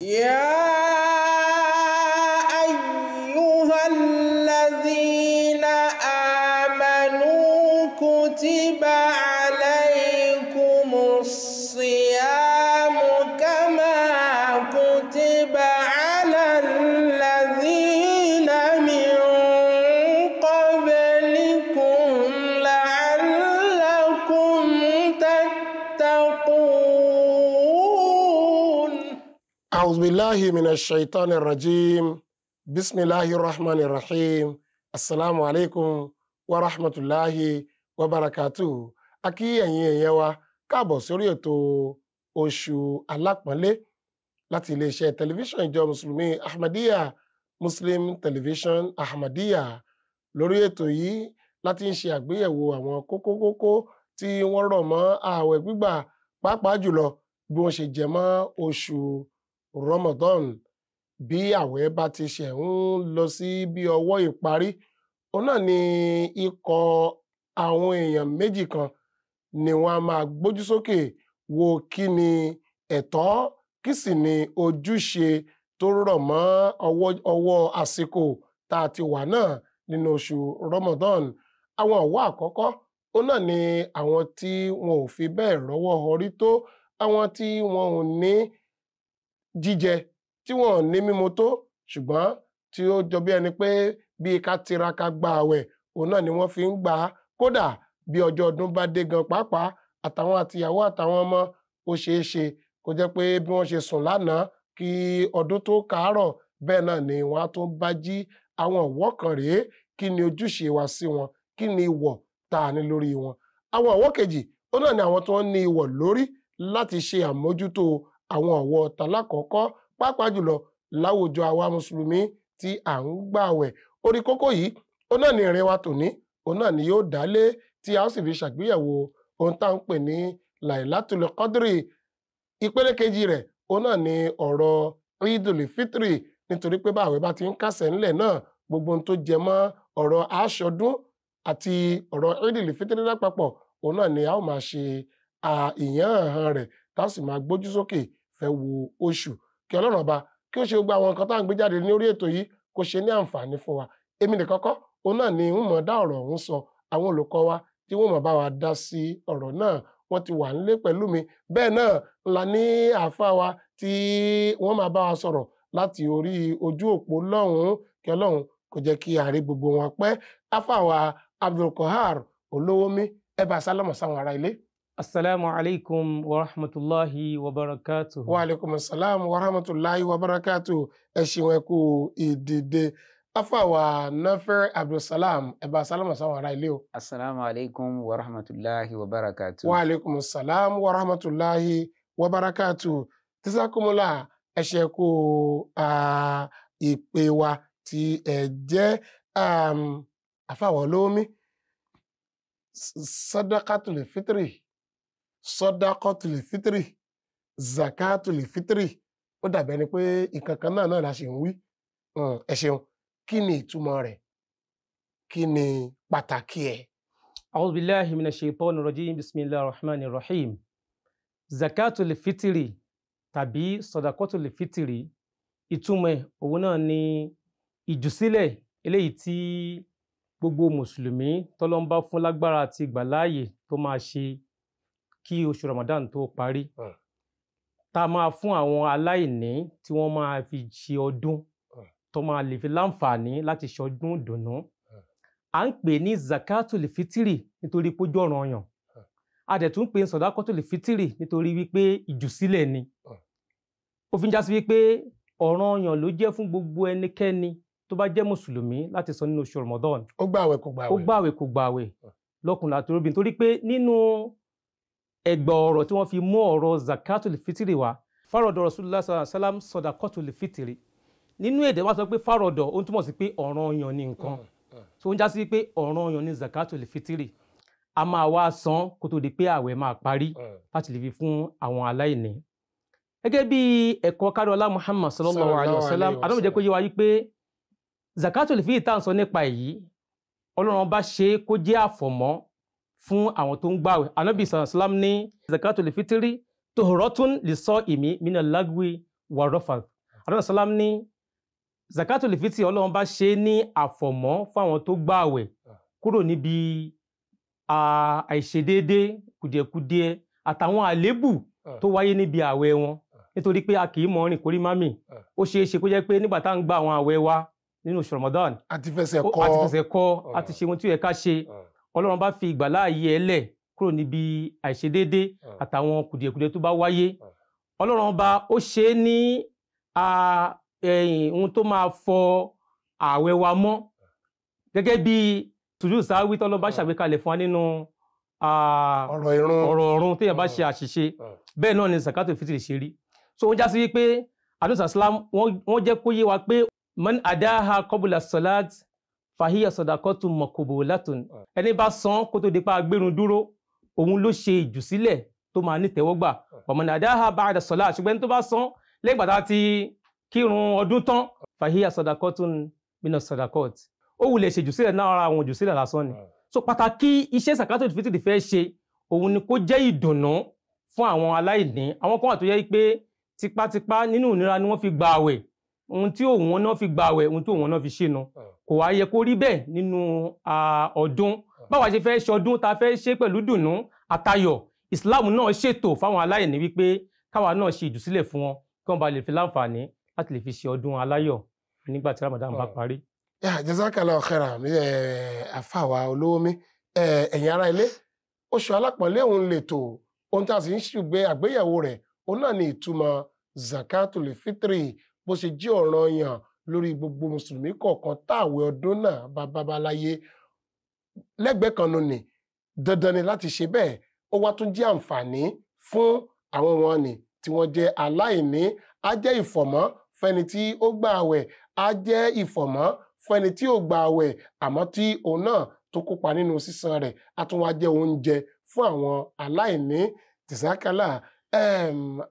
Yeah. billahi minash shaitanir rajim bismillahir rahmanir rahim assalamu alaikum wa rahmatulahi wa barakatuhu a kí ẹ̀yin èèyàn wa káàbọ̀ sórí ètò oṣù alápọ̀nlé láti iléeṣẹ́ tẹlifíṣàn ìjọ mùsùlùmí ahmadiyya muslim television ahmadiyya lórí ètò yìí láti ń ṣe àgbéyẹ̀wò àwọn kókókókó tí wọ́n rọ̀ mọ́ ààwẹ̀ gbígbà pàápàá jùlọ bí wọ́n ṣe jẹ mọ́ oṣù Ramadan bí àwẹ̀ bá ti ṣẹ̀ ń lọ sí bí ọwọ́ ìparí òun náà ni ikọ̀ àwọn èèyàn méjì kan ni wọ́n á máa gbójú sókè wo kí ni ẹ̀tọ́ kí sì ni ojúṣe tó rọ̀ mọ́ ọwọ́ àsìkò tá a ti wà náà nínú oṣù Ramadan àwọn ọ̀wọ́ àkọ́kọ́ ó náà ni àwọn tí wọn ò fi bẹ́ẹ̀ rọ́wọ́ họrí tó àwọn tí wọn ò ní jíjẹ tí wọn ò ní mímu tó ṣùgbọ́n tí ó jọ bí ẹni pé bí ká tiraka gba àwẹ̀ òun náà ni wọ́n fi ń gbà á kódà bí ọjọ́ ọdún bá dé gan pàápàá àtàwọn àtìyàwó àtàwọn ọmọ ó ṣeé ṣe kó jẹ́ pé bí wọ́n ṣe sùn lánàá kí ọdún tó kàárọ̀ bẹ́ẹ̀ náà ni wọ́n á tún bá jí àwọn ọ̀wọ́ kan rèé kí ni ojúṣe wa sí wọn kí ni ìwọ̀ tá a lórí wọn àwọn ọ̀wọ́ kejì ó náà ni àwọn tó ń ní ìwọ̀ lórí láti ṣe àmójútó àwọn ọ̀wọ́ tàlákọ̀ọ́kọ́ pàápàá jùlọ láwùjọ àwa mùsùlùmí tí à ń gbààwẹ̀ orí kókó yìí òun náà ni ìrìn wa tòní òun náà ni yóò dálé tí a ó sì fi ṣàgbéyẹ̀wò ohun tá à ń pè ní lailatul qadri ìpele kejì rẹ̀ òun náà ni ọ̀rọ̀ rídùlì fítírì nítorí pé báwẹ̀ bá ti ń kásẹ̀ ńlẹ̀ náà gbogbo ohun tó jẹ mọ́ ọ̀rọ̀ aṣọdún àti ọ̀rọ̀ rídùlì fítírì lápapọ̀ òun náà ni a ó máa ṣe ìyẹn hàn rẹ̀ tá a sì máa gbójú sókè fẹ́ wo oṣù kí ọlọ́run ọba kí ó ṣe gbogbo àwọn nǹkan tá à ń gbé jáde ní orí ètò yìí kó ṣe ní àǹfààní fún wa èmi nìkan kọ́ òun náà ni ń mọ̀ dá ọ̀rọ̀ ọ̀hún sọ àwọn olùkọ́ wa tí wọ́n mọ̀ bá wa dá sí ọ̀rọ̀ náà wọ́n ti wà nílé pẹ̀lú mi bẹ́ẹ̀ náà la ní àáfàá wa tí wọ́n máa bá wa sọ̀rọ̀ láti orí ojú òpó lọ́hùn-ún kí ọlọ́run kò jẹ́ kí àárẹ̀ gbogbo wọn pẹ́ àáfàá wa Abdulkohar Olówómi ẹ bá sálámọ̀ sáwọn ará ilé. Assalamu alaikum wa rahmatulahi wa barakatu. Wa alaikum assalam wa rahmatulahi wa barakatu. Ẹ ṣeun ẹ kú ìdìde. Afáwa Nafẹ́ Abdulsalam ẹ̀bá sálámà sáwọn ará ilé o. Assalamu alaikum wa rahmatulahi wa barakatu. Wa alaikum assalam wa rahmatulahi wa barakatu. ẹ ṣe kú ìpè wa tí ẹ jẹ́ afáwa olómi. Sadaqatul fitri sọdákọtùlì fítírì zakatùlì fítírì ó dàbí ẹni pé ìkankan náà náà la ṣe ń wí hmm, ẹ ṣeun kí ni ìtumọ̀ rẹ̀ kí ni pàtàkì ẹ̀. a'udhu billahi minash shaitonir rajim bismillahir rahmanir rahim zakatùlì fítírì tàbí sọdákọtùlì fítírì ìtumọ̀ òun náà ni ìjùsílẹ̀ eléyìí tí gbogbo mùsùlùmí tọ́lọ́mbá fún lágbára àti ìgbàláàyè tó máa ṣe kí oṣù Ramadan tó parí hmm. tá a máa fún àwọn aláìní tí wọ́n máa fi ṣe ọdún hmm. tó máa lè fi láǹfààní láti ṣe ọdún dùnú hmm. à ń pè ní zakatul fitiri nítorí pójú ọ̀ràn ọyàn a dẹ̀ tún pè ní sọ̀dákọ́tul fitiri nítorí wípé ìjùsílẹ̀ ni ó fi ń já sí wípé ọ̀ràn ọyàn ló jẹ́ fún gbogbo ẹnikẹ́ni tó bá jẹ́ mùsùlùmí láti sọ nínú oṣù Ramadan ó gbààwẹ̀ kò gbààwẹ̀ ó gbààwẹ̀ kò gbààwẹ̀ lọ́kùnrin àti obìnrin torí pé nínú ẹgbà ọ̀rọ̀ tí wọ́n fi mú ọ̀rọ̀ zakatul fitiri wá fárọ̀dọ̀ rasulullah sallallahu alayhi wa sallam sọdakatul fitiri nínú èdè wa sọ pé fárọ̀dọ̀ ó ń túmọ̀ sí pé ọ̀ranyàn ni nǹkan tó mm, mm. ń já sí pé ọ̀ranyàn ni zakatul fitiri a máa wá san kó tó di pé ààwẹ̀ máa parí mm. láti lè fi fún àwọn aláìní. gẹ́gẹ́ bí ẹ̀kọ́ kárọ̀lá muhammad sallallahu alaihi wa sallam àdánwò jẹ́ kó yé wa yí pé zakatul fitiri tá à ń sọ nípa èyí ọlọ́run bá ṣe kó jẹ́ àfọ̀mọ́ fún àwọn tó ń gbàwẹ̀ anábì sàlám ní zakatul fitiri tohorotun lè sọ ìmí mina lagwi warofat anábì sàlám ní zakatul fitiri ọlọ́run bá ṣe ní àfọ̀mọ́ fún àwọn tó gbàwẹ̀ kúrò níbi àìṣedéédé kùdìẹ̀kudìẹ àtàwọn àléébù tó wáyé níbi àwẹ̀ wọn nítorí pé a kì í mọ kórí mami ó ṣeé ṣe kó jẹ́ pé nígbà tá à ń gba àwọn àwẹ̀ wa nínú oṣù Ramadan àti fẹsẹ̀ kọ́ àti àti ṣe ohun tí ó yẹ ká ṣe ọlọ́run bá fi ìgbàláàyè ẹlẹ̀ kúrò níbi àìṣedéédé hmm. àtàwọn kùdìẹ̀kùdìẹ̀ tó bá wáyé hmm. ọlọ́run bá ó ṣe é ní ohun tó máa fọ ààwẹ̀ wa mọ́ gẹ́gẹ́ bí tùjú sáwí tọ́lọ́ bá hmm. ṣàgbékalẹ̀ fún wa nínú ọ̀rọ̀ ọ̀run téèyàn bá ṣe àṣìṣe bẹ́ẹ̀ náà ni zakato fitiri ṣe rí so wọ́n já sí wípé àdúrà sàlám wọ́n jẹ́ kó yé wa pé man adáha kọ́bùlà sọ́láàtì fàhíyà sọdàkọ tún mọkòbò látòun ah. ẹni bá san kó tó di pa agbérun dúró òun ló ṣe ìjùsílẹ̀ tó máa nítẹ̀wọ́gbà ọmọnà ah. àdáhà bá àdà sọlá ṣùgbọ́n tó bá san lẹgbàdá ti kírun ọdún tán fàhíyà sọdàkọ tún mìíràn sọdàkọ ó wulẹ̀ ṣe ìjùsílẹ̀ náà ara àwọn ìjùsílẹ̀ lásán ni ah. so pàtàkì iṣẹ́ sàkátò ìfitìdì fẹ́ ṣe òun ni kó jẹ́ ìdùnnú fún ohun tí òun náà fi gbààwẹ̀ ohun tí òun náà fi ṣìnà hmm. kò wá yẹ kó rí bẹ́ẹ̀ nínú ọdún hmm. báwa ṣe fẹ́ ṣọdún ta fẹ́ ṣe pẹ̀lú dùnú àtayọ̀ Islam náà ṣètò fáwọn aláìní wípé káwa náà ṣe ìdùsílẹ̀ fún wọn kí wọ́n ba lè fi láǹfààní láti lè fi ṣe ọdún aláyọ̀ nígbà tí Ramadan bá hmm. parí. jazakallahu khairan àfàwà olówó mi ẹ̀yin ará ilé oṣù alápọ̀nlé òun lè tò ohun tá a sì ń ṣùgbẹ́ àgbéyẹ̀wò rẹ̀ òun náà ni ìtumọ̀ zakatul fitri bó ṣe jí ọ̀ranyàn lórí gbogbo mùsùlùmí kọ̀ọ̀kan táàwẹ̀ ọdún náà bá babaláyé lẹ́gbẹ̀ẹ́ kan nù ní dandan ni láti ṣe bẹ́ẹ̀ ó wá tún jẹ́ àǹfààní fún àwọn wọn ni tí wọ́n jẹ́ aláìní á jẹ́ ìfọ̀mọ́ fẹ́ni tí ó gba àwẹ̀ á jẹ́ ìfọ̀mọ́ fẹ́ni tí ò gba àwẹ̀ àmọ́ tí òun náà tó kópa nínú sísan rẹ̀ á tún wá jẹ́ oúnjẹ fún àwọn aláìní tìsákálà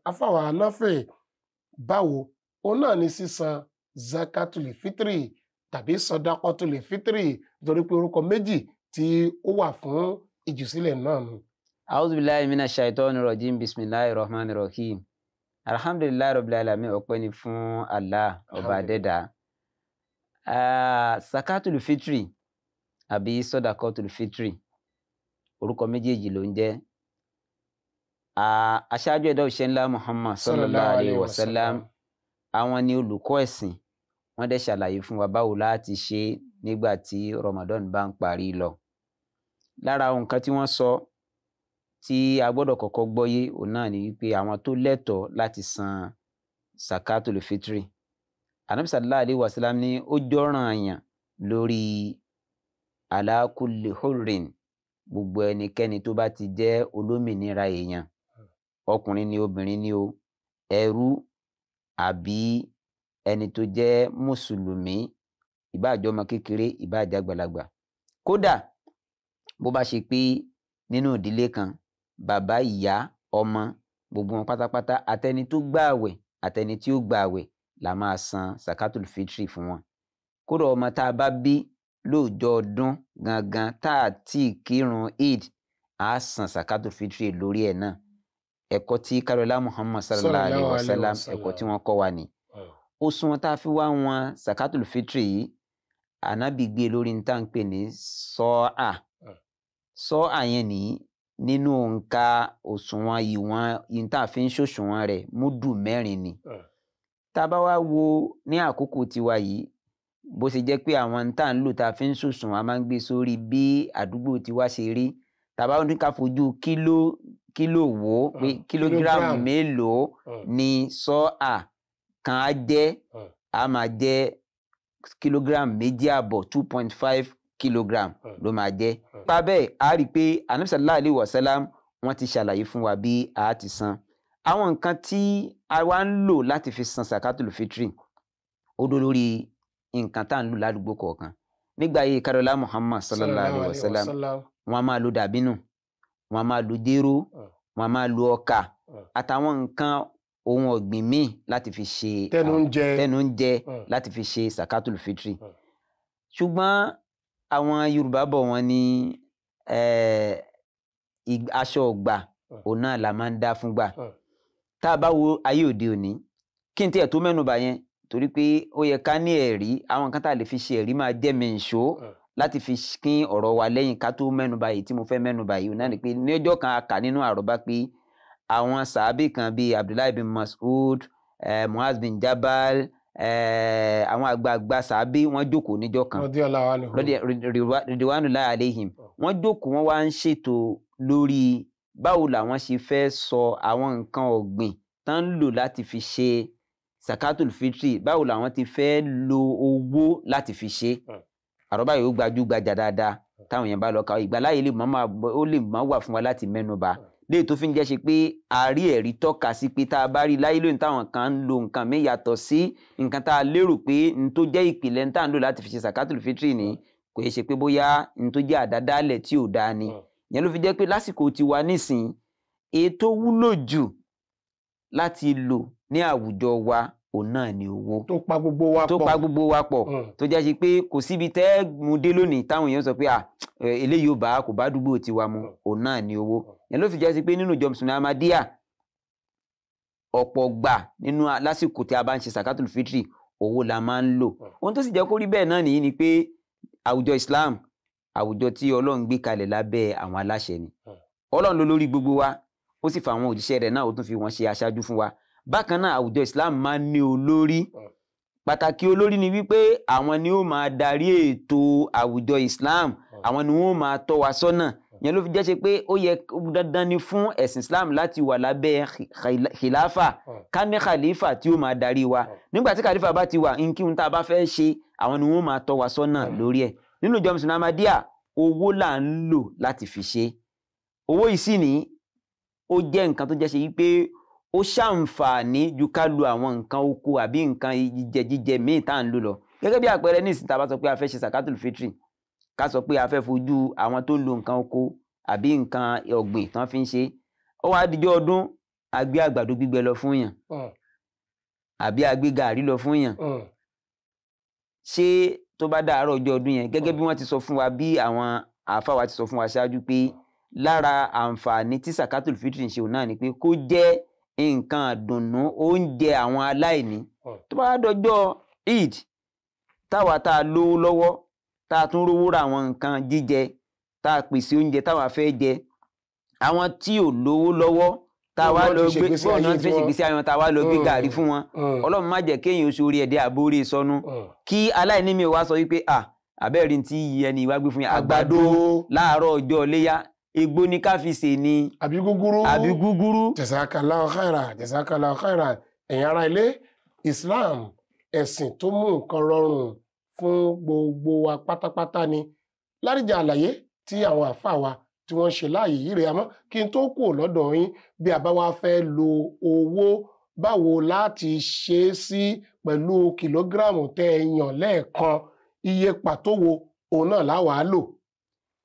afáwọn anáfẹ́ báwo òun náà ni sísan zakatuli fitri tàbí sọdakọtuli fitri nítorí pé orúkọ méjì tí ó wà fún ìjùsílẹ̀ náà nù. auzubillahi mina shaitani rajim bisimilahi rahman rahim alhamdulilayi rabbil alamin ọpẹ́ ni fún allah ọba dẹdà zakatuli fitri àbí sọdakọtuli fitri orúkọ méjèèjì ló ń jẹ́ aṣáájú ẹ̀dá òṣèlú muhammad sallallahu alayhi wa sallam àwọn ni olùkọ́ ẹ̀sìn wọ́n dẹ̀ ṣàlàyé fún wa báwo láti ṣe nígbà tí Ramadan bá ń parí lọ. lára àwọn nǹkan tí wọ́n sọ tí a gbọ́dọ̀ kọ́kọ́ gbọ́yé òun náà ni wípé àwọn tó lẹ́tọ̀ọ́ láti san sakatul fitri anabi sallallahu alayhi ni ó jọ́ràn àyàn lórí ala kulli hurrin gbogbo ẹnikẹ́ni tó bá ti jẹ́ olómìnira èèyàn ọkùnrin ni obìnrin ni o ẹrú àbí ẹni tó jẹ́ mùsùlùmí ìbáàjọ́ ọmọ kékeré ìbáàjọ́ àgbàlagbà kódà bó bá ṣe pé nínú ìdílé kan bàbá ìyá ọmọ gbogbo wọn pátápátá àtẹni tó gba àwẹ̀ àtẹni tí ó gba àwẹ̀ la máa san sakatul fitri fún wọn kódà ọmọ tá a bá bí lóòjọ́ ọdún gangan tá a ti kírun eid a san sakatul fitri lórí ẹ̀ náà ẹ̀kọ́ tí karola muhammad sallallahu alayhi wa sallam ẹ̀kọ́ tí wọ́n kọ́ wa ni oṣù ah. wọn tá a fi wá wọn zakatul fitri yìí anabi gbé e lórí ní táǹpẹ ní ah. sọ́ọ̀à sọ́ọ̀à yẹn ní nínú nǹka òṣùwọ̀n ìwọ̀n yìí tá a fi ń ṣòṣùwọ̀n rẹ̀ múdù mẹ́rin ni ah. tá a bá wá wo ní àkókò tiwa yìí bó ṣe jẹ́ pé àwọn ń tà ń lò tá a fi ń ṣòṣùwọ̀n a máa ń gbé e sórí bí àdúgbò tiwa ṣe rí tá a bá ní ká fojú kílò kílò wo pé hmm, kílógíráàmù mélòó hmm. ni sọ́à kan á jẹ́ a hmm. máa jẹ́ kílógíráàmù méjì àbọ̀ two point five kilogram ló máa jẹ́ pa bẹ́ẹ̀ a rí i pé anamisala alayhi wa salam wọ́n ti ṣàlàyé fún wa bí a ti san àwọn nǹkan tí a wá ń lò láti fi san sakatul fitri ó dó lórí nǹkan tá à ń lò ládùúgbò kọ̀ọ̀kan nígbà yìí karola muhammad sallallahu alayhi wa sallam wọ́n máa lo dàbínù wọ́n á máa lo déró hmm. wọ́n á máa lo ọkà hmm. àtàwọn nǹkan ohun ọ̀gbìn míì láti fi ṣe tẹnu ń jẹ tẹnu ń jẹ hmm. láti fi ṣe sakatul fitri ṣùgbọ́n àwọn Yorùbá bọ̀ wọ́n ní eh, aṣọ ọ̀gbà òun náà la máa ń dá fún gbà tá a bá wo ayé òde òní kí n tiẹ̀ tó mẹ́nu yẹn torí pé ó yẹ ká ní ẹ̀rí àwọn kan tá a lè fi ṣe ẹ̀rí máa jẹ́ mi ìṣó láti fi kín ọ̀rọ̀ wa lẹ́yìn ká tó mẹ́nuba yìí tí mo fẹ́ mẹ́nuba yìí náà ni pé ní ọjọ́ kan a kà nínú àròbá pé àwọn sàábì kan bíi Abdullahi bin Mas'ud eh, Muaz bin Jabal eh, àwọn àgbààgbà sàábì wọ́n jókòó níjọ́ kan rìdíwánu láà aléhìm wọ́n jókòó wọ́n wá ń ṣètò lórí báwo làwọn ṣe fẹ́ sọ àwọn nǹkan ọ̀gbìn tán ń lò láti fi ṣe sakatul fitri báwo làwọn ti fẹ́ lo owó láti fi ṣe. Hmm àrọ́bá yìí ó gbajúgbajà dáadáa táwọn èèyàn bá lọ ka ìgbàláyè lè máa ó lè máa wà fún wa láti mẹ́nuba léè tó fi ń jẹ́ ṣe pé àárí ẹ̀rí tọ́ka sí pé tá a bá rí láyé lóyún táwọn kan ń lo nǹkan mi yàtọ̀ sí nǹkan tá a lérò pé n tó jẹ́ ìpìlẹ̀ ń tà ń lò láti fi ṣe sàkátùlù fitri ni kò yẹ ṣe pé bóyá n tó jẹ́ àdádálẹ̀ tí ò dáa ni ìyẹn ló fi jẹ́ pé lásìkò tiwa nísìn èyí tó wúlò jù láti lò ní àwùjọ wa òun náà ni owó tó pa gbogbo wa pọ̀ tó pa gbogbo wa pọ̀ mm. tó jẹ́ sí pé kò síbi tẹ́ mu dé lónìí táwọn èèyàn sọ pé à ah, eléyìí ò bá kò bá dúgbò tiwa mu mm. òun náà ni owó mm. yẹn ló fi jẹ́ sí pé nínú ìjọ mùsùlùmí amadíyà ọ̀pọ̀ gbà nínú lásìkò tí a bá ń ṣe sakatul fitri owó la máa ń lò ohun tó sì jẹ́ kó rí bẹ́ẹ̀ náà nìyí ni pé àwùjọ Islam àwùjọ tí Ọlọ́run gbé kalẹ̀ lábẹ́ àwọn aláṣẹ ni Ọlọ́run ló lórí gbogbo wa ó sì fa àwọn òjíṣẹ́ rẹ̀ náà ó tún fi wọ́n ṣe aṣáájú fún wa bákan náà àwùjọ islam máa ń ní olórí hmm. pàtàkì olórí ni wípé àwọn ni ó máa darí ètò àwùjọ islam hmm. àwọn ni wọ́n máa tọ́ wa sọ́nà hmm. yẹn ló fi jẹ́ ṣe pé ó yẹ dandan ni fún ẹ̀sìn islam láti wà lábẹ́ khilafa ká khalifa tí ó máa darí wa nígbà tí khalifa bá ti wà nkíhun tá a bá fẹ́ ṣe àwọn ni wọ́n máa tọ́ wa sọ́nà lórí ẹ̀ nínú ìjọ mùsùlùmí amadíà owó là ń lò láti fi ṣe owó yìí sì ó jẹ́ nǹkan tó jẹ́ ṣe wípé ó ṣàǹfààní ju ká lu àwọn nǹkan oko àbí nǹkan jíjẹ jíjẹ míì tá à ń lò lọ gẹ́gẹ́ bí àpẹẹrẹ ní ìsìn tá a bá sọ pé a fẹ́ ṣe sàkátùl fitri ká sọ pé a fẹ́ fojú àwọn tó lo nǹkan oko àbí nǹkan ọ̀gbìn tán fi ń ṣe ó wá dijọ́ ọdún a gbé àgbàdo gbígbẹ lọ fún yàn hmm. àbí a gbé gàárì lọ fún yàn hmm. ṣé tó bá dàárọ̀ ọjọ́ ọdún yẹn gẹ́gẹ́ bí hmm. wọ́n ti sọ fún wa bí àwọn àáfàá ti sọ fún wa ṣáájú pé lára àǹfààní tí sàkátùl fitri ń ṣe òun náà ni pé kó jẹ́ nǹkan àdùnnú oúnjẹ àwọn aláìní tó bá dọjọ́ eid táwa tá a lówó lọ́wọ́ tá a tún rówó ra àwọn nǹkan jíjẹ tá a pèsè oúnjẹ táwa fẹ́ jẹ àwọn tí ò lówó lọ́wọ́ táwa lọ gbé bọ́ọ̀ náà ti ṣègbésí ayọ̀ táwa lọ gbé gàrí fún wọn ọlọ́run má jẹ́ kéèyàn oṣù orí ẹ̀dẹ́ àbórí sọnù kí aláìní mi wá sọ wípé à àbẹ́rìn tí yẹn ni ìwà gbé fún yẹn àgbàdo láàárọ̀ ọjọ́ léyà egbò ni ká fi sè ni. àbí gúgúrú àbí gúgúrú. jazakallahu khairan jazakallahu khairan ẹ̀yin ará ilé Islam ẹ̀sìn tó mú nǹkan rọrùn fún gbogbo wa pátápátá ni lárìjà àlàyé tí àwọn àfáà wa tí wọ́n ń ṣe láàyè yìí rẹ̀ àmọ́ kí n tó kù lọ́dọ̀ yín bí a bá wá fẹ́ lo owó báwo láti ṣe é sí pẹ̀lú kìlógíráàmù tẹ́ ẹ yàn lẹ́ẹ̀kan iye pàtó wo òun náà láwàá lò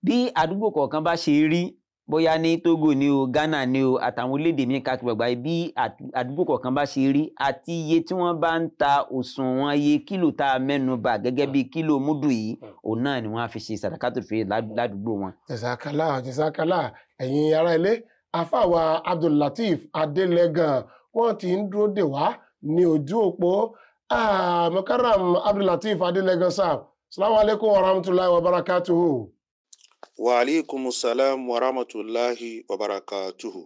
bí àdúgbò kọ̀ọ̀kan bá ṣe rí bóyá ní Togo ni o Ghana ni o àtàwọn orílẹ̀-èdè míì káàkiri àgbáyé bí àdúgbò kọ̀ọ̀kan bá ṣe rí àti iye tí wọ́n bá ń ta òṣùwọ̀n iye kílò tá a mẹ́nu bà gẹ́gẹ́ bí kílò múdù yìí hmm. òun náà ni wọ́n á fi ṣe sàdákàtò fèrè ládùúgbò wọn. jẹ̀sàkálà jẹ̀sàkálà ẹ̀yin ará ilé afáwa Abdullateef Adelegan wọ́n ti ń dúró dè wá ní ojú òpó Mukarram Abdullateef Adelegan sáà salamu alaykum wa rahmatulahi wa barakatuhu wa aleykum salam wa rahmatulahi wa barakatuhu.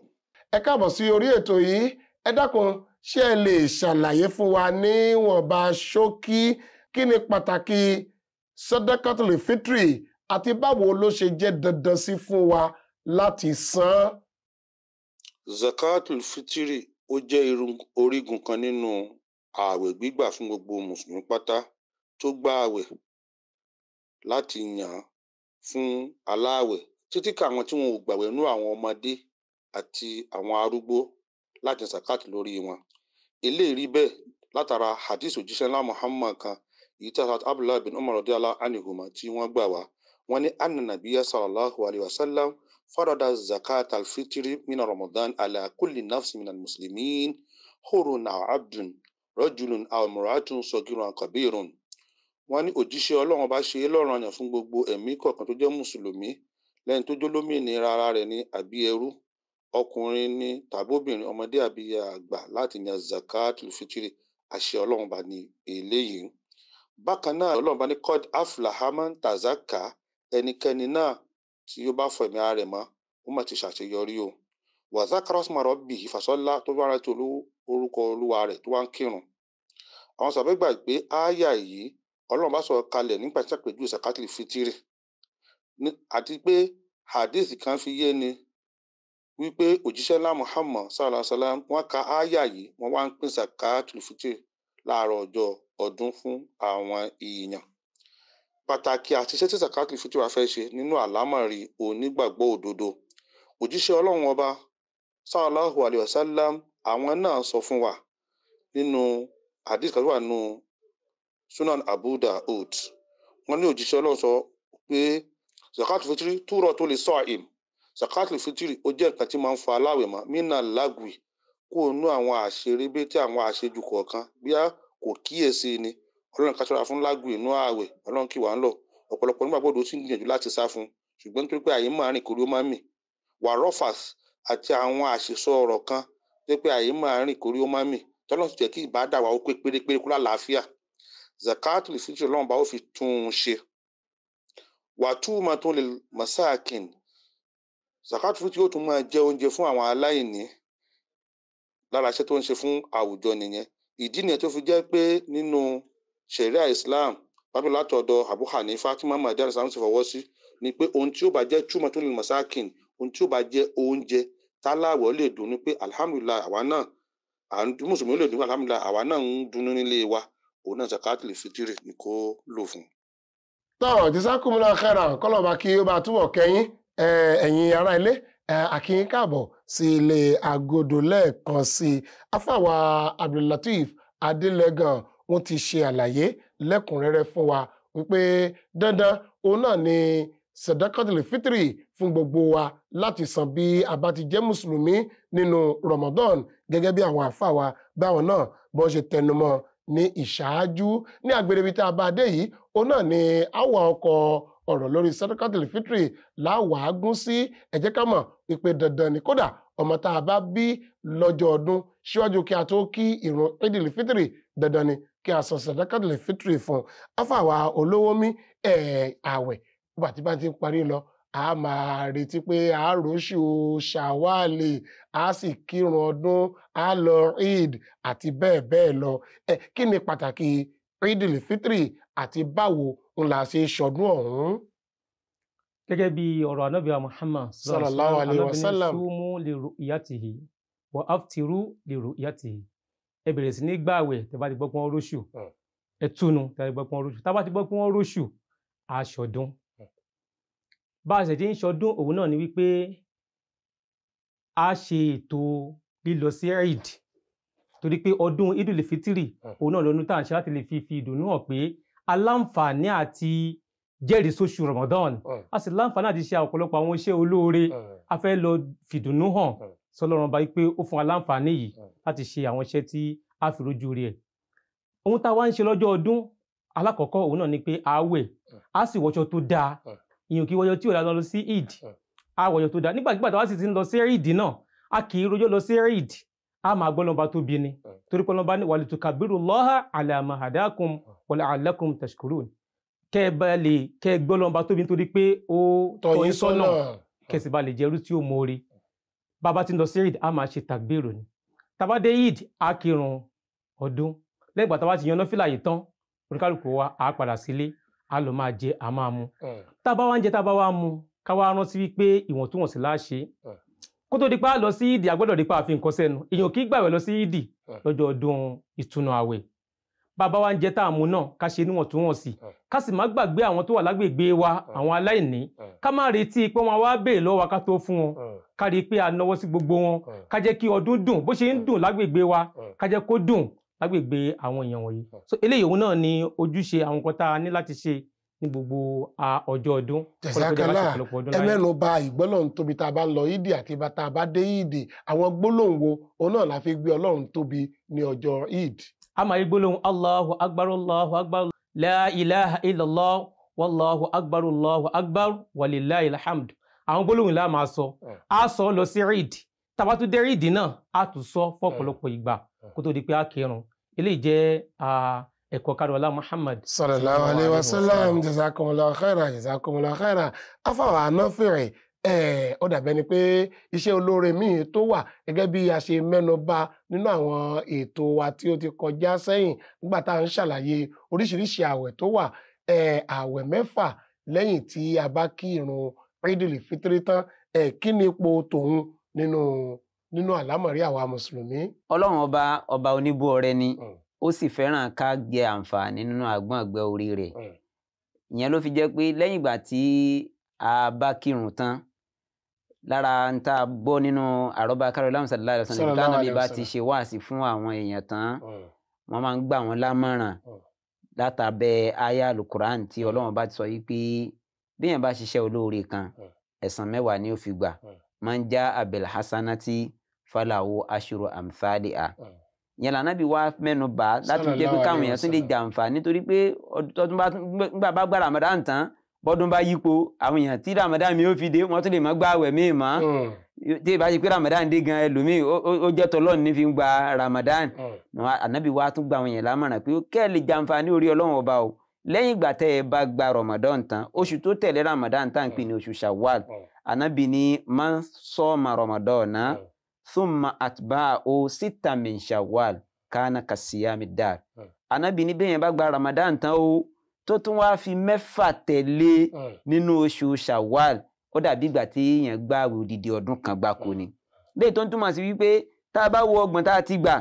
ẹ káàbọ̀ sí orí ètò yìí ẹ dákun ṣé ẹ lè ṣàlàyé fún wa níwọ̀nba ṣókí kí ni pàtàkì sọdọ́kọ́tìlì fitri àti báwo ló ṣe jẹ́ dandan sí fún wa láti san zakatul fitri ó jẹ́ orígun kan nínú ààwẹ̀ gbígbà fún gbogbo mùsùlùmí pátá tó gba ààwẹ̀ láti yàn án fún aláàwẹ̀ títí kan àwọn tí wọn ò gbààwẹ̀ nú àwọn ọmọdé àti àwọn arúgbó láti zakat lórí wọn eléyìí rí bẹ́ẹ̀ látara hadith òjíṣẹ́ ńlá muhammad kan èyí tí asat abdullahi bin umar radiyallahu anhuma tí wọ́n gbà wá wọ́n ní anna sallallahu alayhi wa sallam farada zakat alfitiri mina ramadan ala kulli nafsi mina muslimin hurun aw abdun rajulun aw sogirun kabirun wọn ní òjíṣẹ́ ọlọ́run bá ṣe é lọ́ranyàn fún gbogbo ẹ̀mí kọ̀ọ̀kan tó jẹ́ mùsùlùmí lẹ́ni tó jólómìnira ara rẹ̀ ní àbí ẹrú ọkùnrin ni tàbóbìnrin ọmọdé àbí àgbà láti yan zakatul fitiri àṣẹ ọlọ́run bá ní eléyìí bákan náà ọlọ́run bá ní kod aflahaman tazaka ẹnikẹ́ni náà tí ó bá fẹ̀mí ara rẹ̀ mọ́ ó mà ti ṣàṣeyọrí o wàzákàrọ́sìmọ̀rọ̀ bì ìfàsọ́lá tó bá rántí orúkọ olúwa rẹ̀ tó wá ń kírun àwọn sàbẹ́gbà pé ááyà yìí ọlọ́run bá sọ̀rọ̀ kalẹ̀ nípa ìṣàpèjúwe sàkátìlì fitiri àti pé hadith kan fi yé ni wípé òjíṣẹ́ ńlá muhammad sallallahu alaihi wa sallam wọ́n ka ááyà yìí wọ́n wá ń pín sàkátìlì fitiri láàárọ̀ ọjọ́ ọdún fún àwọn èèyàn pàtàkì àti ṣẹ́tí sàkátìlì fitiri wa fẹ́ ṣe nínú àlámọ̀rí onígbàgbọ́ òdodo òjíṣẹ́ ọlọ́run ọba sallallahu alayhi wa sallam àwọn náà sọ fún wa nínú hadith kan wà nínú sunan abu daud wọ́n ní òjíṣẹ́ Ọlọ́run sọ pé zakatul fitiri túrọ tó lè sọ ìm zakatul fitiri ó jẹ́ nǹkan tí máa ń fa aláwẹ̀ mọ́ mínà lágùì kó o àwọn àṣeré bí tí àwọn àṣejù kọ̀ọ̀kan bí a kò kíyèsí ni Ọlọ́run ká fún lágùì inú ààwẹ̀ Ọlọ́run kì wá ń lọ ọ̀pọ̀lọpọ̀ nígbà gbọ́dọ̀ ó sì láti sá fún ṣùgbọ́n nítorí pé àyè máa rìn kiri ó máa ń mì wàrọ́fàs àti àwọn àṣìṣọ ọ̀rọ̀ kan jẹ́ pé àyè máa rìn kiri ó máa ń mì tọ́lọ́ sì jẹ́ kí ìbádàwà ó pé pérépéré kó lálàáfíà zakatul fitri lọ́wọ́n bá ó fi tún un ṣe wàtúmọ̀ tó lè masakin zakatul fitri yóò tún máa jẹ oúnjẹ fún àwọn aláìní lára iṣẹ́ tó ń ṣe fún àwùjọ nìyẹn ìdí nìyẹn tó fi jẹ́ pé nínú sharia islam pápẹ́ látọ̀dọ̀ abu hanifa tí muhammad adé alasan ti fọwọ́ sí ni pé ohun tí ó bá jẹ́ túmọ̀ tó lè masakin ohun tí ó bá jẹ́ oúnjẹ táláwọ̀ lè dùn ní pé alhamdulilayi àwa náà mùsùlùmí lè dùn ní pé alhamdulilayi àwa náà ń dùnnú nílé wa òun náà zakatul fitiri ni kó lò fún. tọ́ jésàkùnmùlá kẹrà kọ́lọ́ba kí ó bá túbọ̀ kẹ́yìn ẹ̀yin ará ilé àkíyín káàbọ̀ sí ilé agodo lẹ́ẹ̀kan sí i afáwa abdullateef adelegan wọ́n ti ṣe àlàyé lẹ́kùnrẹ́rẹ́ fún wa wípé dandan òun náà ni sadakotil fitri fún gbogbo wa láti san bí a bá ti jẹ́ mùsùlùmí nínú ramadan gẹ́gẹ́ bí àwọn àfáwa báwọn náà bọ́n ṣe tẹnumọ́ ní ìṣáájú ní agbèrèbí tá a yìí òun náà ni àwa ọkọ̀ ọ̀rọ̀ lórí sadakotel fitri láwàá gún sí ẹ jẹ́ ká mọ̀ wípé dandan ni kódà ọmọ tá a bá bí lọ́jọ́ ọdún síwájú kí a tó kí ìrun idil fitri dandan ni kí a san sadakotel fitri fún afáwa olówó mi ààwẹ̀ bàtí bá ti parí lọ a máa retí pé a róṣù ṣàwálè a sì kírun ọdún a lọ eid àti bẹ́ẹ̀ bẹ́ẹ̀ lọ ẹ kí ni pàtàkì eidil fitri àti báwo ń la ṣe ṣọdún ọ̀hún. gẹ́gẹ́ bí ọ̀rọ̀ anábì Muhammad sallallahu alayhi wa sallam sumu li ru'yatihi wa aftiru li ru'yatihi ẹ bẹ̀rẹ̀ sí ní gbààwẹ̀ tẹ́ bá ti gbọ́ pé wọ́n róṣù hmm. ẹ túnu tẹ́ bá ti gbọ́ pé wọ́n róṣù tá bá ti gbọ́ pé wọ́n róṣù àṣọdún bá a ṣe ti ń ṣọdún òun náà ni wípé a ṣe ètò lílọ sí eid torí pé ọdún idul hmm. òun náà lọ́dún tá à ń ṣe láti lè fi fi ìdùnnú hàn pé aláǹfààní àti jẹ́rìí sóṣù ramadan hmm. a sì láǹfààní àti ṣe ọ̀pọ̀lọpọ̀ àwọn iṣẹ́ olóore hmm. a fẹ́ lọ fìdùnnú hàn sọlọ́run bá wípé ó fún aláǹfààní yìí láti ṣe àwọn iṣẹ́ tí a fi rojú rẹ̀ ohun tá a wá ń ṣe lọ́jọ́ ọdún alákọ̀ọ́kọ́ òun náà ni pé àwẹ̀ a sì wọṣọ tó dáa ìyẹn kì í wọjọ tí òun lọ sí eid àwọjọ hmm. tó dáa nígbàkigbà táwa sì ti ń lọ sí eid náà a kì í rojọ́ lọ sí eid a máa gbọ́ lọ́ba tó bi ni hmm. torí pé lọ́ba ní wàlẹ̀ tukabiru lọ́ha àlàmà àdákùn hmm. wàlẹ̀ àlẹ́kùn tashkurun kẹ́ ẹ bá lè kẹ́ ẹ gbọ́ lọ́ba tó bi nítorí pé ó tọ̀yìn sọ́nà kẹ́ ẹ sì bá lè jẹ́rú tí ó mọ̀ọ́re bàbá ti ń lọ sí eid a máa ṣe tàgbèrò ni tàbá dé eid a kírun ọdún lẹ́gbàá tàbá ti yan náfìlà yìí tán oníkálukú wa a padà sílé a lọ máa jẹ a máa mu hmm. tá a bá wá ń jẹ tá a bá wá mu ká wá rántí wípé ìwọ̀ntúnwọ̀nsì láṣẹ hmm. kó tó di pa lọ sí ìdí agbọ́dọ̀ di pa àfi nǹkan sẹ́nu èèyàn kì í gbàwẹ̀ lọ sí ìdí hmm. lọ́jọ́ ọdún ìtúnu àwẹ̀ bàbá wa ń jẹ tá a mu náà ká ṣe níwọ̀ntúnwọ̀nsì ká sì má gbàgbé àwọn tó wà lágbègbè wa àwọn aláìní ká má retí pé wọn wá béè lọ́wọ́ wa ká tó fún wọn ká rí i pé a náwó sí gbogbo wọn ká jẹ́ kí ọdún dùn bó ṣe ń dùn lágbègbè wa ká jẹ́ kó dùn lágbègbè àwọn èèyàn wọ̀nyí hmm. so eléyìí òun náà ni ojúṣe àwọn nǹkan tá a ní láti ṣe ní gbogbo ọjọ́ ọdún. jẹ̀sákàlá ẹ mẹ́nu ba ìgbọ́lọ́run tóbi tá a bá ń lọ ìdí àti bàtà bá dé ìdí àwọn gbólóhùn wo òun náà la fi gbé ọlọ́run tóbi ní ọjọ́ ìd. a máa rí gbólóhùn allahu akbar allahu akbar la ilaha illallah wallahu akbar allahu akbar walilayi alhamd àwọn gbólóhùn la máa sọ hmm. a sọ lọ sí ìd tabatú dé ìdí náà a tún sọ fọ́pọ̀lọpọ̀ hmm. ìgbà kó tó di pé a kírun eléyìí jẹ́ ẹ̀kọ́ karola muhammad. sallallahu alayhi wa sallam jazakumullahu khaira jazakumullahu khaira afáwọn anáfẹ̀rẹ̀ ó dàbẹ́ ni pé iṣẹ́ olóore míì tó wà gẹ́gẹ́ bí a ṣe mẹ́nubà nínú àwọn ètò wa tí ó ti kọjá sẹ́yìn nígbà tá à ń ṣàlàyé oríṣiríṣi àwẹ̀ tó wà àwẹ̀ mẹ́fà lẹ́yìn tí a bá kí irun rídìlì fitiri tán kí ni ipò tòun nínú nínú àlámọ̀rí àwa mùsùlùmí. ọlọ́run ọba ọba oníbú ọrẹ ni mm. ó sì fẹ́ràn ká jẹ àǹfààní nínú àgbọn àgbẹ orí rẹ̀ mm. ìyẹn ló fi jẹ́ pé lẹ́yìn ìgbà tí a bá kírun tán lára ń tá a gbọ́ nínú àrọ́bá kárọ̀lámù sallallahu alaihi wasallam táwọn bí bá ti ṣe wáàsí fún àwọn èèyàn tán mm. wọ́n máa ń gbà wọ́n lámọ̀ràn látàbẹ̀ aya alukuran tí ọlọ́run bá ti sọ yìí pé bí èèyàn bá ṣiṣẹ́ olóore kan ẹ̀san mẹ́wàá ni ó fi gbà máa ń já abel hasanati falawo aṣọrò àǹfààní à hmm. yẹn lànà bí wàá mẹ́nu bà láti jẹ́ pé káwọn èèyàn tún lè jàǹfà nítorí pé ọdún bá nígbà bá gba Ramadan tán bọ́dún bá yípo àwọn èèyàn tí Ramadan mi ó fi dé wọ́n tún lè má gba àwẹ̀ míì mọ́ hmm. tí ìbá ṣe pé Ramadan dé gan ẹlòmíì ó jẹ́ tọ́lọ́ọ̀nù ní fi ń gba Ramadan hmm. ànábì wàá tún gba àwọn èèyàn lámọ̀ràn pé kẹ́ ẹ̀ lè jàǹfà ní orí Ọlọ́run ọba o lẹ́yìn ìgbà tẹ́ ẹ bá gba Ramadan tán oṣù tó tẹ̀lé Ramadan tán pè ní oṣù Shawwal ànábì ni máa ń sọ́ọ̀mà Ramadan náà thumma atba'u sita min shawwal kana kasiyami dar mm. anabi ní bẹ́ẹ̀ yẹn bá gba ramadan tán o tó tún wá fi mẹ́fà tẹ̀lé hmm. nínú oṣù shawwal ó dàbí ìgbà tí èèyàn gba òdìdí ọdún kan gbáko ni hmm. léyìí tó ń túmọ̀ sí wípé tá a bá wo ọgbọ̀n tá a ti gbà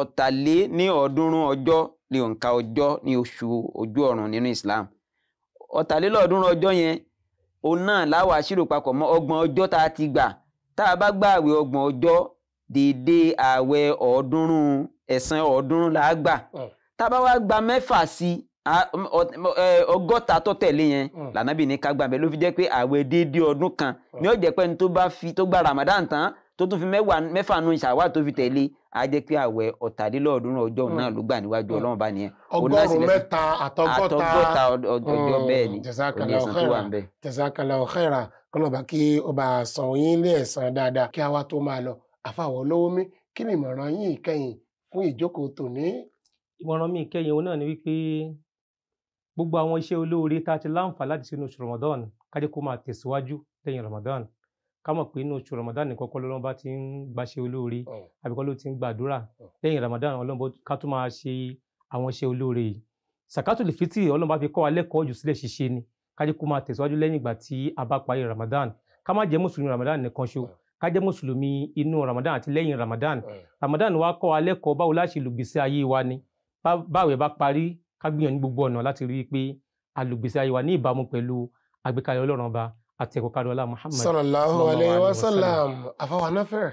ọ̀tàlé ní ọ̀ọ́dúnrún ọjọ́ ní òǹkà ọjọ́ ní oṣù ojú ọ̀run nínú Islam ọ̀tàlélọ́ọ̀ọ́dúnrún ọjọ́ yẹn òun náà láwàá ṣírò papọ̀ mọ́ ọgbọ̀n ọjọ́ tá a ti gbà tá a bá gbààwẹ̀ ọgbọ̀n ọjọ́ déédéé ààwẹ̀ ọ̀ọ́dúnrún ẹ̀san ọ̀ọ́dúnrún là á gbà hmm. tá a bá wá gba mẹ́fà sí ọgọ́ta tó tẹ̀lé yẹn hmm. lànà ní ká gbà bẹ́ẹ̀ ló fi jẹ́ pé ààwẹ̀ déédéé ọdún kan ni hmm. ó jẹ́ tó bá fi tó gba Ramadan tán tó tún fi mẹ́fà nu ìṣàwá tó fi tẹ̀lé á jẹ́ pé àwẹ̀ ọ̀tàdínlọ́ọ̀ọ́dúnrún ọjọ́ náà hmm. ló gbà níwájú hmm. ọlọ́run bá nìyẹn. ọgọ́rùn mẹ́ta àtọgọ́ta ọjọ́ hmm. bẹ́ẹ̀ ni òní ẹ̀sán tó wà ń bẹ̀. jazakallahu khaira kọlọba kí ó bá san yín lé ẹ̀san dáadáa kí a wá tó máa lọ àfàwọ̀ lọ́wọ́ mi kí ni ìmọ̀ràn yín ìkẹyìn fún ìjókòó tòní. ìmọ̀ràn mi ìkẹyìn òun náà ni wípé gbogbo àwọn iṣẹ́ olóore tá a ti láǹfà láti sínú oṣù Ramadan ká jẹ́ kó máa tẹ̀síwájú lẹ́yìn Ramadan ká mọ̀ pé inú oṣù Ramadan nìkan kọ́ lọ́lọ́run bá ti ń gbaṣẹ́ olóore àbí kọ́ ló ti ń gbàdúrà lẹ́yìn Ramadan ọlọ́run ká tún máa ṣe àwọn iṣẹ́ olóore yìí sàkátùlì fitì ọlọ́run bá fi kọ́ wa lẹ́kọ̀ọ́ jù sílẹ̀ ṣíṣe ni kájí kó máa tẹ̀síwájú lẹ́yìn ìgbà tí a bá parí Ramadan ká má jẹ́ mùsùlùmí Ramadan nìkan ṣo ká jẹ́ mùsùlùmí inú Ramadan àti lẹ́yìn Ramadan Ramadan wa kọ́ wa lẹ́kọ̀ọ́ báwo láṣẹ lùgbèsè ayé wa ni báwẹ̀ bá parí ká gbìyànjú gbogbo ọ̀nà láti rí i pé alùgbèsè ayé wa àti Muhammad sallallahu alayhi wa sallam àfàwọn anáfẹ́.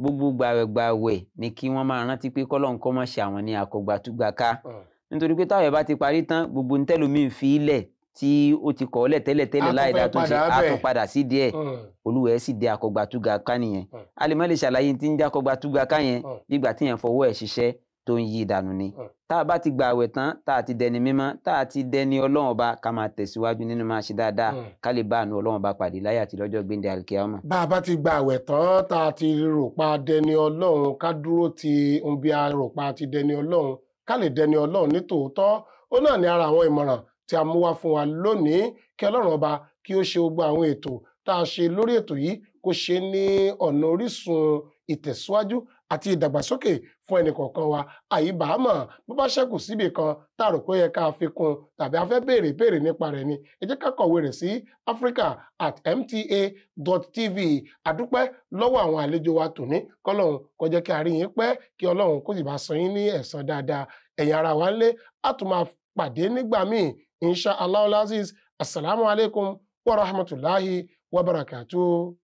gbogbo gbàwẹ̀gbàwẹ̀ ni kí wọ́n máa rántí pé kọ́lọ́n kọ́ mọ̀ ṣe àwọn ní àkọ́gbàtúgbàká hmm. nítorí pé táwọn ẹ̀ bá ti parí tán gbogbo ntẹ́lómi fi ilẹ̀ tí ó ti kọ̀ ọ́lẹ̀ tẹ́lẹ̀ tẹ́lẹ̀ láì dáa tó ṣe àtúnpadà sí díẹ̀ hmm. olúwa ẹ̀ sì dé àkọ́gbàtúgbàká nìyẹn hmm. a lè má lè ṣàlàyé tí ń jẹ́ àkọ́gbàtúgbàká yẹn nígbà tí yẹn fọwọ́ ẹ̀ ṣiṣẹ́ tó ń yí ìdànù ni hmm. tá a bá ti gba àwẹ̀ tán tá a ti dẹni mímọ́ tá a ti dẹni ọlọ́run ọba ká máa tẹ̀síwájú nínú máa ṣe dáadáa hmm. ká lè bá àánú ọlọ́run ọba pàdé láyé àti lọ́jọ́ gbẹ̀ndẹ̀ alikiyama. bá a bá ti gba àwẹ̀ tán tá a ti rò pa dẹni ọlọ́run ká dúró ti ń bí a rò pa ti dẹni ọlọ́run ká lè dẹni ọlọ́run ní tòótọ́ ó náà ní ara àwọn ìmọ̀ràn tí a mú wá fún wa lónìí kí ọlọ́run ọba àti ìdàgbàsókè fún ẹnìkọ̀ọ̀kan wa àyíbàámọ̀ bó bá ṣẹ́kù síbi kan tá a rò pé ó yẹ ká fi kún tàbí a béèrè béèrè nípa rẹ̀ ni ẹ jẹ́ ká kọ̀wé rẹ̀ sí africa at mta.tv àdúpẹ́ lọ́wọ́ àwọn àlejò wa tòní kọ́lọ́hún kó jẹ́ kí a rí yín pẹ́ kí ọlọ́hun kó sì bá san yín ní ẹ̀san dáadáa ẹ̀yin ara wa ń lé a tún máa pàdé nígbà míì insha allah aziz asalaamualeykum wa rahmatulahi wa barakatuh.